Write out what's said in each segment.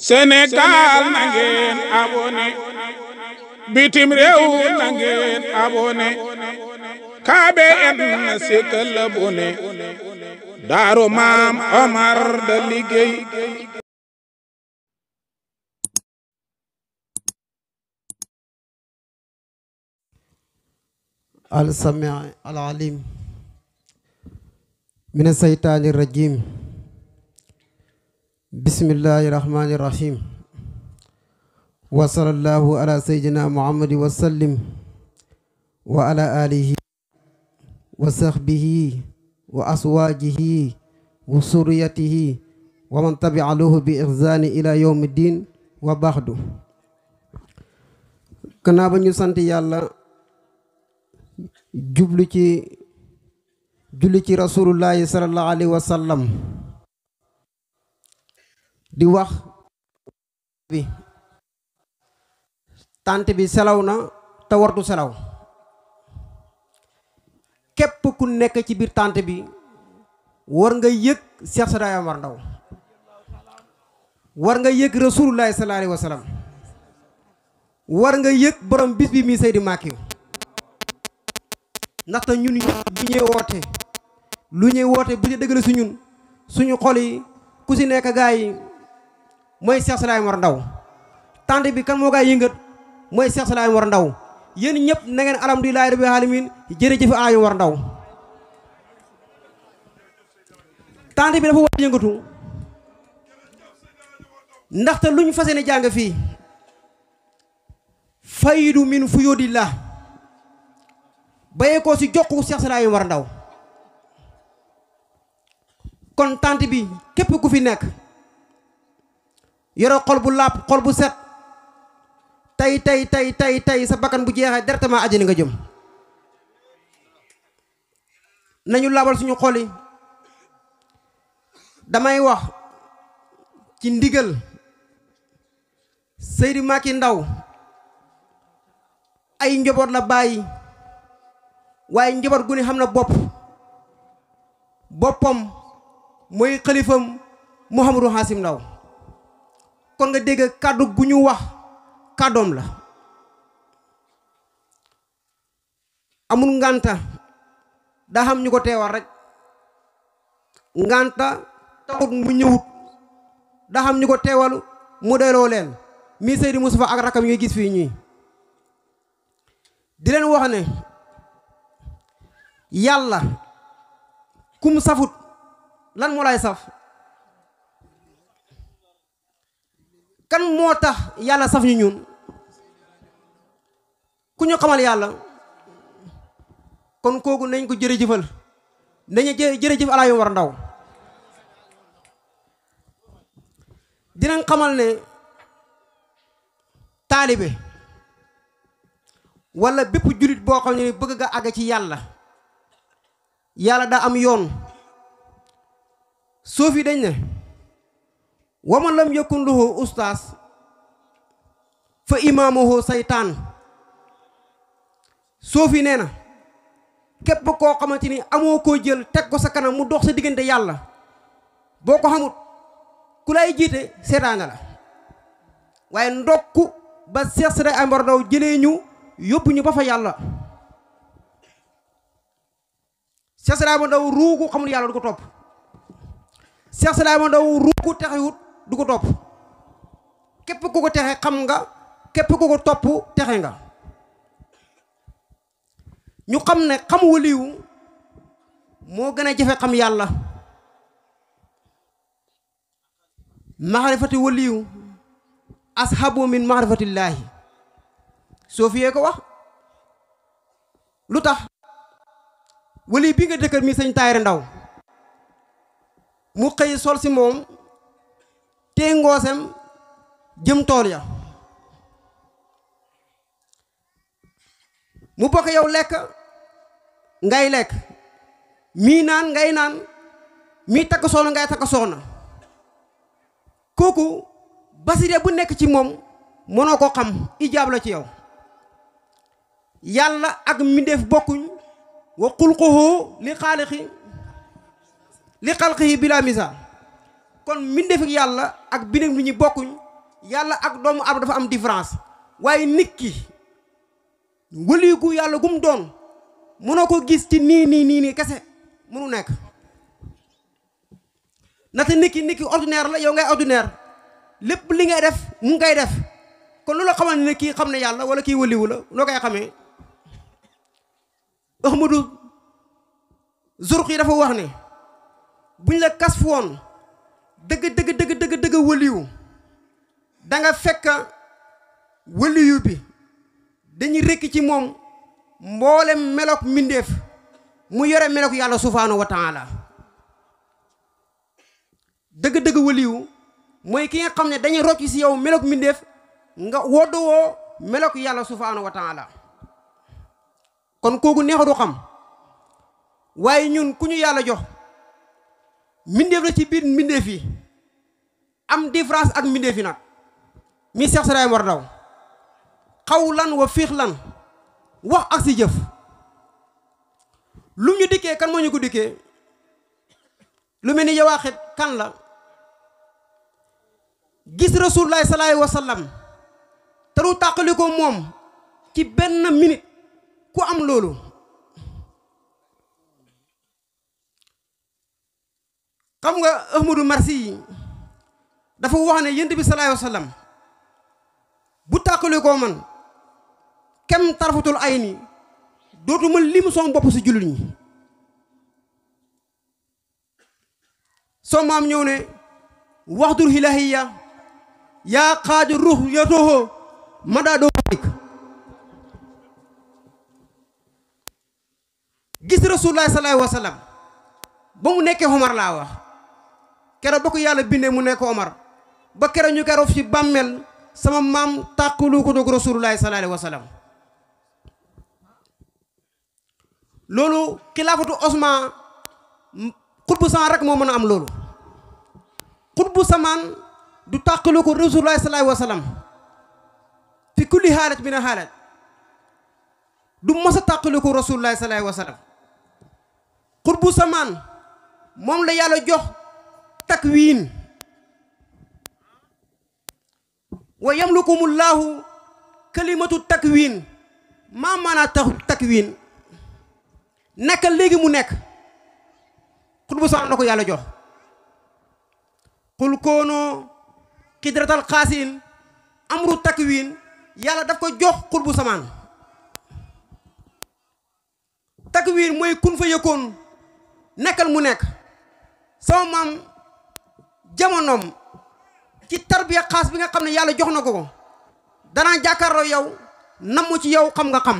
Sénégal na ngeen abonné bitim réew na ngeen abonné KBN na sikkal abonné daaru maam Omar da liggéey al sami al alim min saytaani rajim بسم الله الرحمن الرحيم وصلى الله على سيدنا محمد وسلم وعلى آله وصحبه وأزواجه وسريته ومن تبع له بإحسان إلى يوم الدين وبعد كنا ba سنت يالا yàlla jublu رسول الله صلى الله عليه وسلم di wax bi bi selaw na te wartu selaw képp ku nekk ci biir tànt bi war nga yëg Cheikh Sadaya Omar Ndaw war nga yëg rasulullahi sallallahu alayhi war nga yëg borom bis bi mi Seydi Makiyu ndaxte ñun ñëpp bi ñuy woote lu ñuy woote bu ñu dëgg si ñun suñu xol yi ku si nekk gaa yi mooy Cheikh Salaay Mor Ndaw tànt bi kan moo koy yëngat mooy Cheikh Salaay Mor Ndaw yéen ñëpp na ngeen alhamdulilahi rabbil alamin jërëjëf Aliou Mor Ndaw tànt bi dafa war a yëngatu ndaxte luñ fas yéene jàng fii fayidu min fuyudillah bayee ko si jokku Cheikh Salaay Mor Ndaw kon tànt bi képp ku fi nekk yoro xol bu laab xol bu set tey tey tey tey tey sa bakkan bu jeexee directement àjjana nga jëm nañu laabal suñu xol damay wax ci ndigal Seydi Macky Ndaw ay njaboot la bàyyi waaye njaboot gu ne xam na bopp boppam mooy xalifam Mouhamadou Hassim Ndaw kon nga dégg kaddu gu ñu wax kaddom la amul nganta da xam ñuko ko rek nganta taxut mu ñewut da xam ñuko ko mu délo leen mi Seydi ak rakam ñuy gis fi ñuy di leen wax ne yalla kum safut lan mo lay saf kan moo tax yàlla saf ñu ñun ku ñu xamal yàlla kon kooku nañ ko jërëjëfal nañu jërëjëf alaa yu war ndaw dinañ xamal ne taalibe wala bépp jullit boo xam ne bëgg nga àgg ci yàlla yàlla daa am yoon suuf yi dañ ne wa man lam yakun lahu ustaas fa imaamuhu saytaan soofi nee na képp koo xamante ni amoo ko jël teg ko sa kanam mu dox sa diggante yàlla boo ko xamut ku lay jiite seetaane la waaye ndokku ba seex sa day ambar jëlee ñu yóbbu ñu ba fa yàlla seex sa day ambar daw ruugu yàlla du ko topp seex sa day ambar daw texewut du ko topp képp ku ko texe xam nga képp ku ko topp texe nga ñu xam ne xam waliwu moo gën a jafe xam yàlla maarifati waliyu ashabu min maarifatillaahi soo fiyee ko wax lu tax wali bi nga dëkkër mi sañ taayre ndaw mu xëy sol si moom tee ngoosem jëm tool ya mu bokk yow lekk ngay lekk mii naan ngay naan mii takk soxna ngay takk soxna kooku basire bu nekk ci moom mënoo ko xam ijaab la ci yow yàlla ak mbindéef bokkuñ wa xulquhu li xaaliqi li xalqihi bila misaal kon mbindeef ak yàlla ak bindeef nit ñi bokkuñ yàlla ak doomu aadama dafa am différence waaye nit ki wëliigu yàlla gum doon na ko gis ci nii nii nii nii kese mënu nekk nate nit ki nit ordinaire la yow ngay ordinaire lépp li ngay def mu ngay def kon lu loolu xamal ne kii xam ne yàlla wala kii wëliwu la loo koy xamee ahmadu zurq yi dafa wax ne buñ la kasf woon dëgg dëgg dëgg dëgg dëgg wëliyu da fekk wëliyu bi dañuy rekk ci moom mboolem meloog mbindeef mu yore meloog yàlla subhaanahu wa taala dëgg mooy ki nga xam ne dañuy rocc si yow meloog nga woddowoo meloog yàlla subhaanahu wa kon kooku neexu du xam waaye ñun ku ñu yàlla jox mbindeef la ci biir mbindeef yi am différence ak mbindeef yi nag mi Seex Saraay war daw xawlan wa fiixlan wax ak si jëf lu ñu dikkee kan moo ñu ko dikkee lu mel ni yawaaxit kan la gis rasuulullaahi sallallaahu alayhi wa sallam te lu tàqali ko moom ci benn minute ku am loolu xam nga Ahmadou Marsi dafa wax ne yent bi sallallahu alayhi bu tàqalee man kem tarfatul ay ni dootuma lim sama bopp si jullit ñi soo maam ñëw ne waxtul hilahiya yaa xaaju ruux ya tooxoo ma daa doo dikk gis rasulullahi sallallahu ba mu nekkee xomar laa wax kéro bako yàlla bindé mu nek Omar ba kéro ñu kéro fi bammel sama mam takulu ko do rasulullah sallallahu alayhi wasallam lolu khilafatu usman Osman xutbu samaan rek moo mën am lolu xutbu samaan du takulu ko rasulullah sallallahu alayhi wasallam fi kulli halat min halat du mos a tàqalu ko rasulullah sallallahu alayhi wasallam sallam xutbu mom la yàlla jox takwiin wa yamlukumullaahu kalimatu takwiin maa maanaa tax takwiin nekkal léegi mu nekk xutbu saan na ko yàlla jox xul koonoo xidratal xaasin amru takwin yàlla daf ko jox xutbu samaan takwin mooy kun fa yëkkoon nekkal mu nekk sama maam jamonoom ci tarbiya xaas bi nga xam ne yàlla jox na ko ko danaa jàkkaarloo yow namu ci yow xam nga xam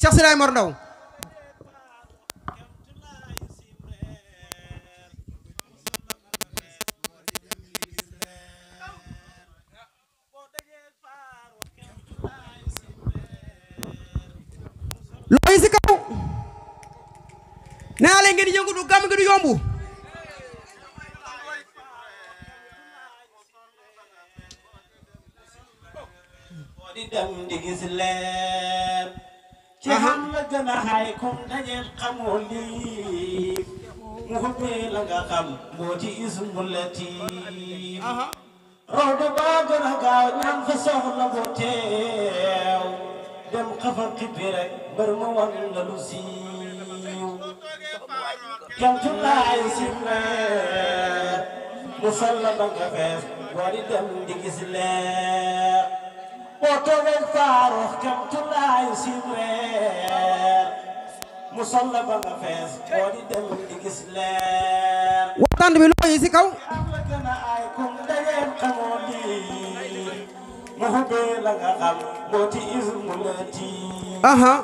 Cheikh Silaay Mor Ndaw naa leen ngeen di yëngu du gàmm gi du yomb di dem di gis leen ci xam la gën a xaay comme dangeen xamoo lii mu xubbee la nga xam moo ci ismu latiif rox da baa gën a gaaw ñaan fa soxla bu teew dem xafa xibbi rek mbër ma wan la lu siiw cantu laay sim leer mu salla ba nga fees boo di dem di gis leer fees boo di dem di kaw yàlla gën a ay kum ismu la tii aha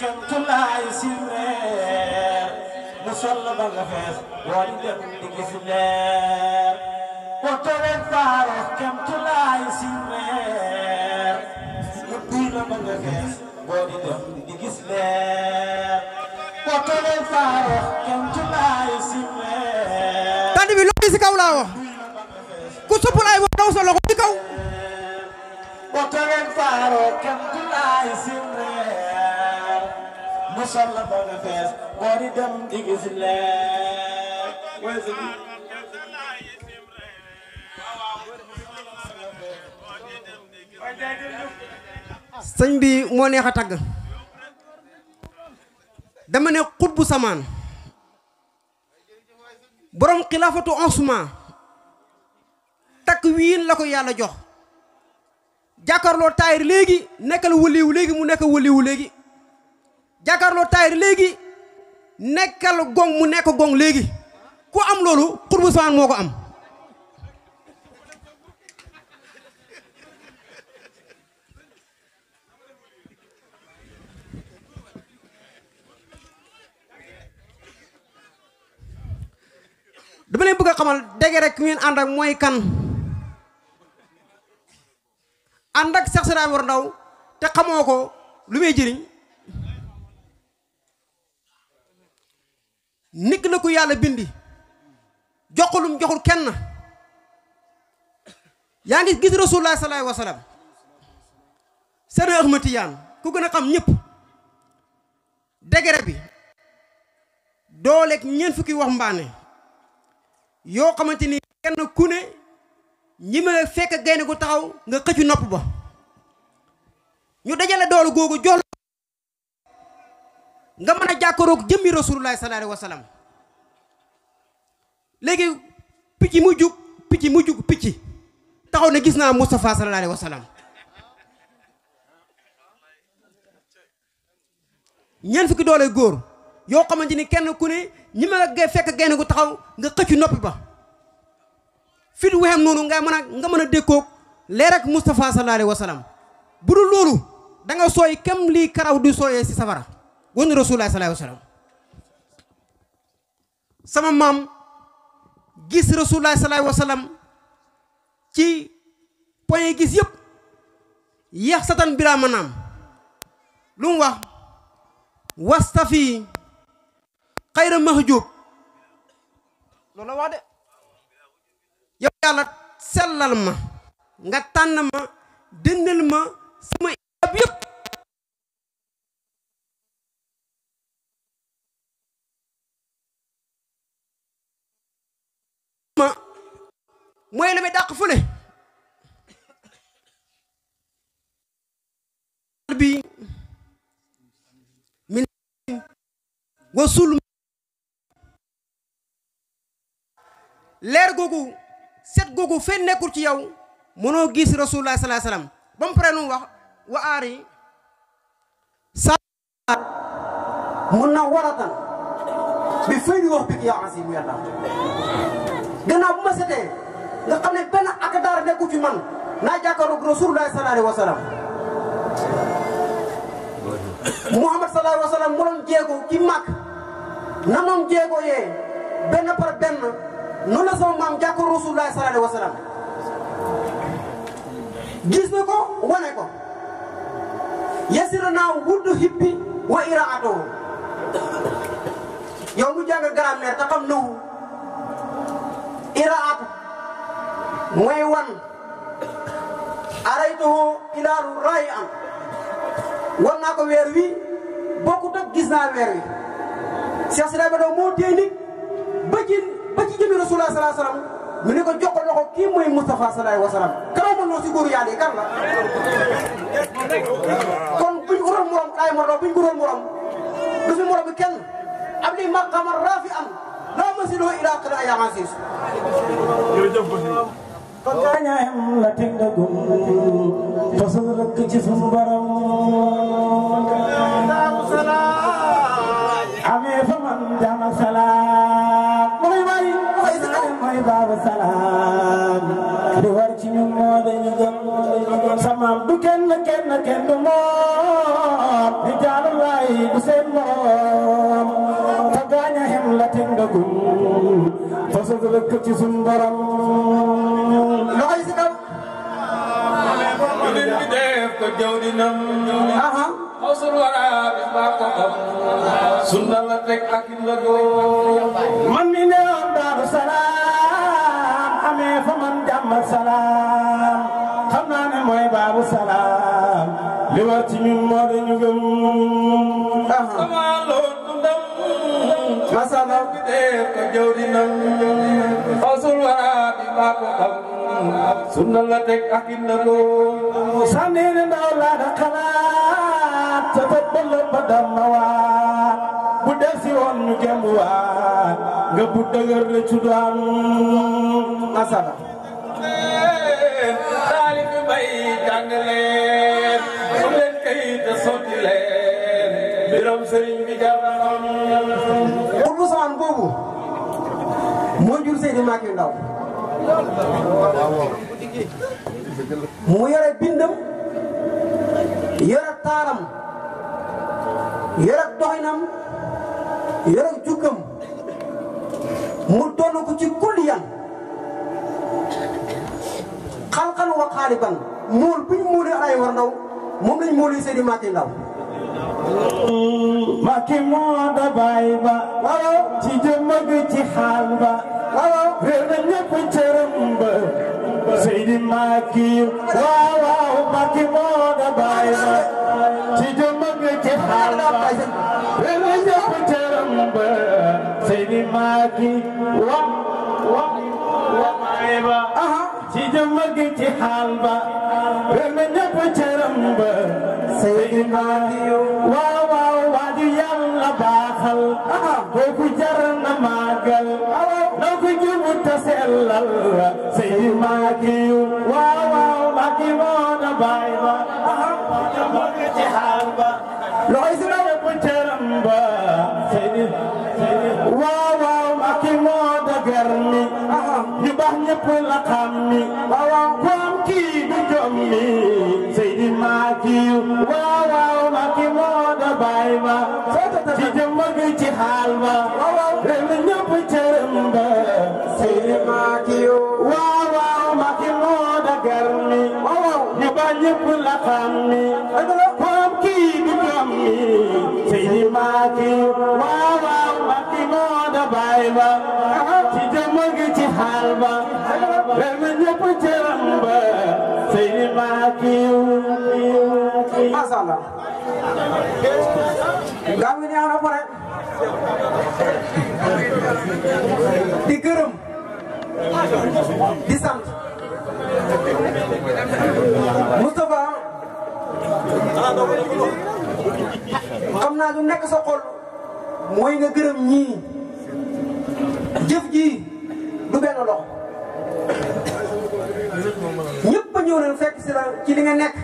cantu laay sim nga sol ba nga fees boo di dem di gis leer woto leen faaroo kem tulaay si meer ubbi na ba nga fees boo di dem di gis leer woto leen faaroo kem tulaay si meer tànn bi loolu si kaw laa wax ku supp laay wax daw sa loxo si kaw woto leen faaroo kem tulaay si meer mu sol la ba nga fees boo di dem di gis leen weesu bi sëñ bi moo neex a tagg dama ne xutbu samaan borom xilaafatu Usmaan takk wiin la ko yàlla jox jàkkaarloo taayir léegi nekkal wëliwu léegi mu nekk wëliwu léegi jàkkaarloo taayir léegi nekkal gong mu nekk gong léegi ku am loolu xurbu samaan moo ko am dama leen bëgg a xamal dégg rek ngeen ànd ak mooy kan ànd ak Cheikh Sidy Mor te xamoo ko lu muy jëriñ yàlla bindi joxulum joxul kenn yaa ngi gis rasulullah sallallahu alayhi wa sallam seen Ahmad ku gën a xam ñëpp degré bi dooleeg ñeent fukki wax mbaane yoo xamante ni kenn ku ne ñi ma fekk gaynde gu taxaw nga xëccu nopp ba ñu dajale doolu googu jox nga mën a jàkkaaroog jëmmi rasulullah sallallahu alayhi wa léegi picc mu jug picc mu jug picc taxaw ne gis naa Moustapha sallallahu alayhi wa sallam ñeent fukki doole góor yoo xamante ni kenn ku ne ñi ma nga fekk gaynde gu taxaw nga xëccu noppi ba fit wexem noonu nga mën a nga mën a dékkoog leer ak Moustapha sallallahu wa sallam bu dul loolu da sooy kem lii karaw di sooyee si safara wan rasulullah sallallahu alayhi sama maam gis rasulullah sallallahu ci point gis yëpp yax satan bilaa manaam lu mu wax wastafi xayra mahjub loolu yàlla sellal ma nga tànn ma dëndal ma sama iab yëpp mooy li muy dàq fu ne bi min wasul leer googu set googu fenn nekkul ci yow mënoo gis rasulullah sallallahu alayhi wasallam ba mu pare nu wax wa aari sa mun na waratan bi fay di wax bi yaa azimu yàlla gannaaw bu ma setee nga xam ne benn ak daara nekku ci man naa jàkkaaroog rasulullahi sallallahu alayhi wa sallam Muhammad sallallahu alayhi wa sallam mu doon jéego ci mag na moom jéego yee benn par benn noonu la sama maam jàkkaaroog rasulullahi sallallahu wa sallam gis na ko wane ko yasira naa wuddu hippi wa iraatoo yow mu jàng grammaire te xam nawu مويوان أريته إلى رايعا وناكو ويروي بوكو تك جزنا ويروي سياسة بدو مو تينيك بجين بجي ba ci jëmi rasulullah sallallahu عليه wasallam mu ne ko loxo ki moy mustafa sallallahu alaihi wasallam kaw mo no ci gor yaali kan la kon buñu ural morom kay mo buñu ural morom du fi morom kenn abdi maqam rafi'an la masilu ila ya aziz ba gaañaayam la teg ndagum fasal rëkk ci sunu borom amee fa man jama salaam mooy bari mooy baabu salaam di war ci ñun moo dañu gëm samaam du kenn kenn kenn du moom di jaalu laay du seen moom ba gaañaayam la teg ndagum fasal rëkk ci sunu borom ko jawdinam aha xawsul wara bi ba ko xam sunna la teg ak ndago man mi ne woon daaru salaam amee fa man jàmm salaam xam naa ne mooy baabu salaam li war ci ñun moo dañu gëm aha masala bi dee ko jawdinam xawsul wara bi ba ko xam sunna la teg ak inna ko sànni ndaw laa da xalaat sa bët ba la bu def si woon ñu gëm waat nga bu dëgër la ci doon masala taalib bay jàng leen su leen kay te sotti leen mbiram sëriñ bi jar na xam. Ousmane boobu moo jur Seydi Mbacké Ndaw mu yore bindam yore taaram yore doxinam yore jukkam mu doon ko ci kulliyan xalqan wa xaaliban muul buñ muulee Alaaji War Ndaw moom lañ muulee Seydi Mati Ndaw Maki moo da baay ba ci jëmm gi ci xaal ba waaw réer na ñëpp cëram ba Seydi Macky waaw waaw Macky moo da bàyyi ma ci jëmm ak ci xaal ba réer na ñëpp cëram ba Seydi Macky wa wa wa bàyyi ma ci jëmm ak ci xaal ba réer na ñëpp cëram ba Seydi Macky waaw waaw waa di yàlla baaxal kooku jar na ma yàlla Seydi Macky waaw waaw Macky moo na baay ba ci xaal ba loxoy si na wépp cëram ba Seydi waaw waaw Macky moo dëgër mi ñu baax ñëpp la xam mi waaw ku am kii du jom mi Seydi Macky waaw waaw Macky moo na baay ba ci jëmm gi ci xaal ba mati waaw mati moo da baay ba ci jëmm gi ci xaal ba rer na ñëpp cëram ba sey ni mati masala nga wi ñaana pare di gërëm xam naa lu nekk sa xol mooy nga gërëm ñii jëf ji lu benn loxo ñëpp a ñëw nañ fekk si la ci li nga nekk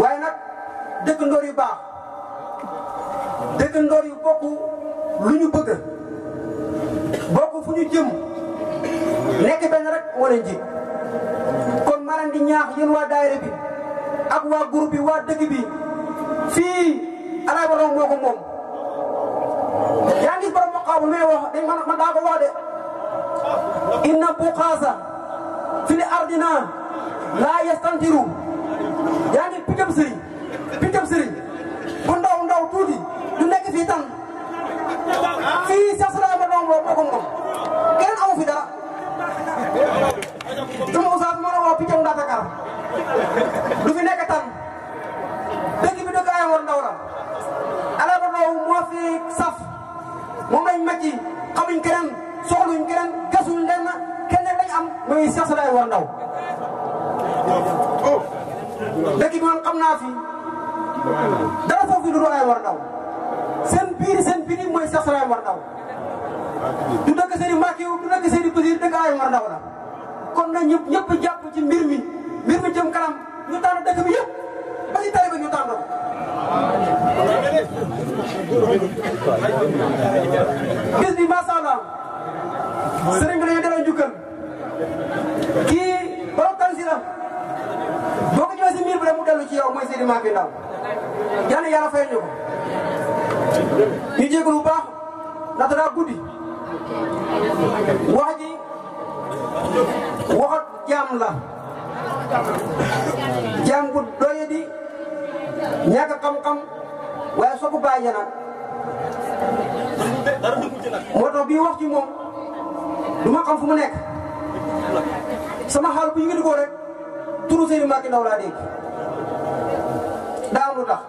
waaye nag dëkk ndoor yu baax dëkk ndoor yu bokk lu ñu bëgg bokk fu ñu jëm nekk benn rek moo leen ji kon maa leen di ñaax yéen waa daayira bi ak wa groupe bi wa deug bi fi ala borom moo ko moom yaa borom maqaamu may wax dañ man man ko wa de inna buqaza fil ardina la yastantiru yaangi pitam seri pitam seri bu ndaw ndaw tuti du nek fi tan fi sa sala borom moo moko mom ken aw fi dara duma usaas mën a wax piccam ndaa du fi ndawram na ba ndaw moo fi saf moom lañ màcc xamuñ keneen soxluñ keneen gasuñ lenn kenn lañ am muy Cheikh Salaay war ndaw dëkk bi man naa fi dara foofu du ay war ndaw seen biir seen biir mooy Cheikh Salaay war ndaw du dëkk seen i Mbakiou du dëkk seen i dëkk ay war ndaw kon nag ñëpp ñëpp jàpp ci mbir mi mbir mi jëm kanam ñu tànn dëkk bi yëpp ba ci tari ba ñu tànn gis ni macha allah sëriñ bi dañu delloo njukkal kii borom talisi la boo ko ñëwee si ci yow mooy Seydi Maki Ndaw yal fay ñu baax guddi waxat la bu doye di waaye soo ko bàyyee nag moo tax bii wax ci moom lu ma xam fu mu nekk sama xaal bu yëngatu ko rek turu Sëriñ Mbacké Ndao laa dégg daa am lu tax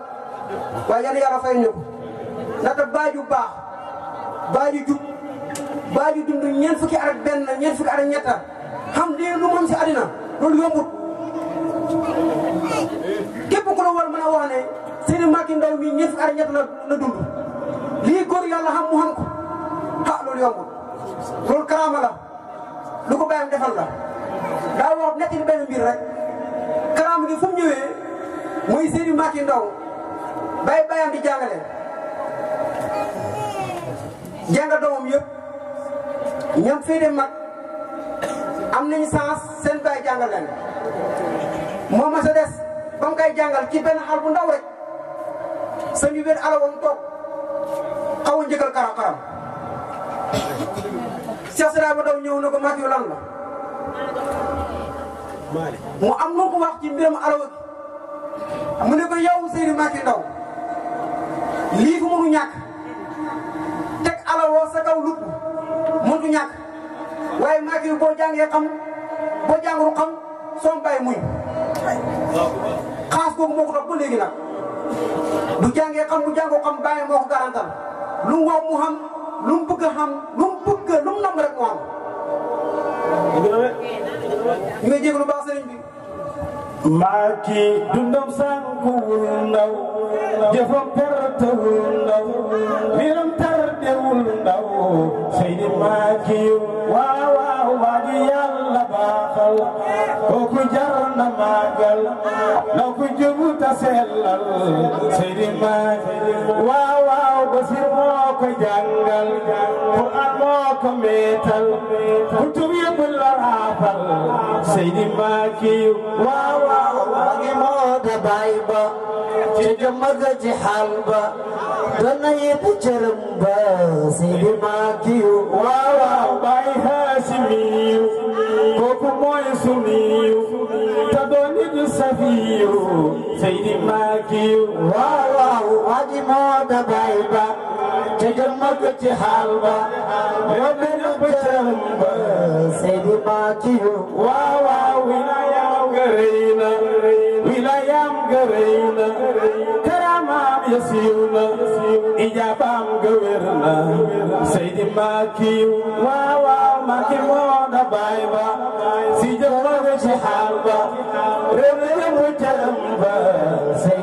waaye yàlla yàlla fay ñu ko baaju baax baaju jub baaju dund ñeent fukki at ak benn ñeent fukki at ak ñett xam lu moom si àddina loolu yombut képp ku la war mën a wax ne Sëriñ Mbacké Ndaw mi ñeent fukki ñett la la dund lii góor yàlla xam mu xam ko ah loolu yombul loolu karaama la lu ko bàyyam defal la daa wax netti ni benn mbir rek karaama gi fu ñëwee mooy Sëriñ Mbacké Ndaw bay bayam di jàngale jàng doomam yëpp ñam fii mag am nañu sens seen bay jàngal leen moom des ba kay jàngal ci benn xal bu ndaw sañu benn alawoon toog xaw a njëkkal karam karam Cheikh Sira ba daw ñëw na ko Mathieu lan mu am lu ko wax ci mbiram alaw mu ne ko yow Seydou Mathieu Ndaw lii fu mënu ñàkk teg alawoo sa kaw lupp mëntu ñàkk waaye Mathieu boo jàngee xam boo jàngul xam soo bàyyi muñ xaas googu moo ko topp bu jàngee xam bu jàngoo xam bàyyi moo ko garantal lu mu wax mu xam lu mu bëgg a nam rek mu xam. ñu ngi jégalu baax sëriñ bi. dundam sànku wul ndaw jëfam perte wul ndaw mbiram tardé wul ndaw Seydi maa waa kooku jar na màggal na ku jubu ta sellal Seydi Maam waaw waaw basir moo ko jàngal Quran moo ko meetal kutub yëpp la raafal Seydi Maaki waaw waaw magi moo ga baay ba ci jëmmaga ci xaal ba dana yëpp cërëm ba Seydi Maaki waaw waaw baay Haasimi mooy sumiyu te doon nit ñu safiyu seydi maakiyu waaw waaw aji moo dabay ba te jëm mag ci xaal ba moo benn bëtëm ba seydi maakiyu waaw waaw wilayaam gërëy na wilayaam gërëy na karamaam ya siiw na ijaabam ga wér na Seydi Maki waaw waaw Maki moo na baay ba si jëf ma ci xaal ba réew mi mu calam